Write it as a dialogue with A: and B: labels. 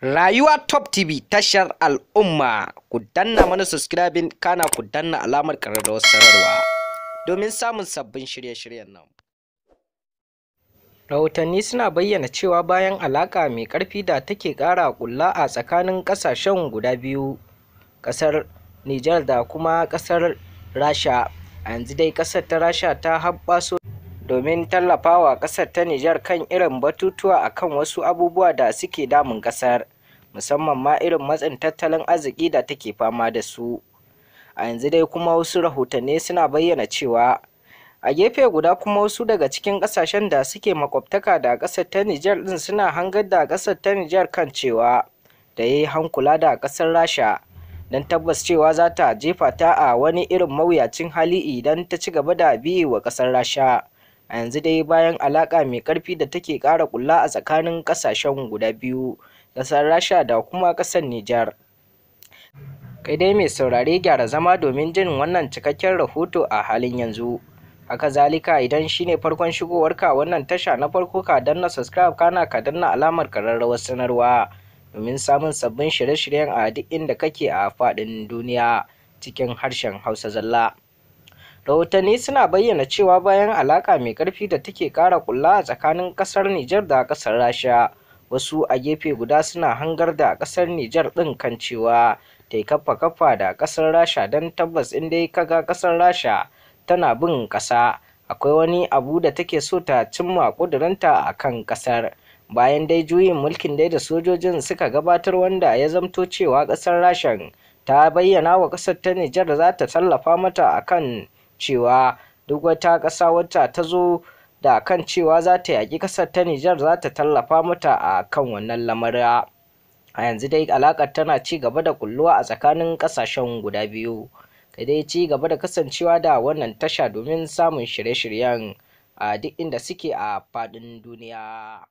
A: Rayuwa Top TV tashar al'umma ku danna mana subscribing kana ku danna alamar ƙararrawar sararwa, domin samun sabbin shirye-shiryen nan. Rahotanni suna bayyana cewa bayan alaƙa mai ƙarfi da take ƙara ƙulla a tsakanin ƙasashen guda biyu, ƙasar Nijar da kuma ƙasar Rasha, a yanzu dai ƙasar ta Rasha ta haɓɓaso domin tallafawa ƙasar ta Nijar kan irin batutuwa a kan wasu abubuwa da suke damun ƙasar, musamman ma irin matsin tattalin arziki da take fama da su. A yanzu dai kuma wasu rahotanni suna bayyana cewa a gefe guda kuma wasu daga cikin ƙasashen da suke makwabtaka da ƙasar ta Nijar ɗin suna hangar da ƙasar ta Nijar kan cewa da yi hankula da ƙasar Rasha. don tabbas cewa za ta jefa ta a wani irin mawuyacin hali idan ta ci gaba da biye wa ƙasar rasha a yanzu dai bayan alaƙa mai ƙarfi da take ƙara ƙulla a tsakanin ƙasashen guda biyu ƙasar rasha da kuma ƙasar nijar kai dai mai saurare gyara zama domin jin wannan cikakken rahoto a halin yanzu haka zalika idan shine farkon shigowarka wannan tasha na farko ka danna subscribe kana ka danna alamar kararrawar sanarwa domin samun sabbin shirye-shiryen a duk inda kake a faɗin duniya cikin harshen hausa zalla Rahotanni suna bayyana cewa bayan alaƙa mai ƙarfi da take ƙara ƙulla a tsakanin ƙasar Nijar da ƙasar Rasha, wasu a gefe guda suna hangar da ƙasar Nijar ɗin kan cewa ta yi kaffa da ƙasar Rasha don tabbas in dai ka ga ƙasar Rasha tana bin ƙasa, akwai wani abu da take so ta cimma ƙudurinta a kan ƙasar. Bayan dai juyin mulkin dai da sojojin suka gabatar wanda ya zamto cewa ƙasar Rashen ta bayyana wa ƙasar ta Nijar za ta tallafa mata a akan cewa duk wata ƙasa wata ta zo da kan cewa za ta yaƙi ƙasar ta Nijar za ta tallafa mata a kan wannan lamarin. A yanzu dai alaƙar tana ci gaba da kulluwa a tsakanin ƙasashen guda biyu. Ka dai ci gaba da kasancewa da wannan tasha domin samun shirye-shiryen a duk inda suke a faɗin duniya.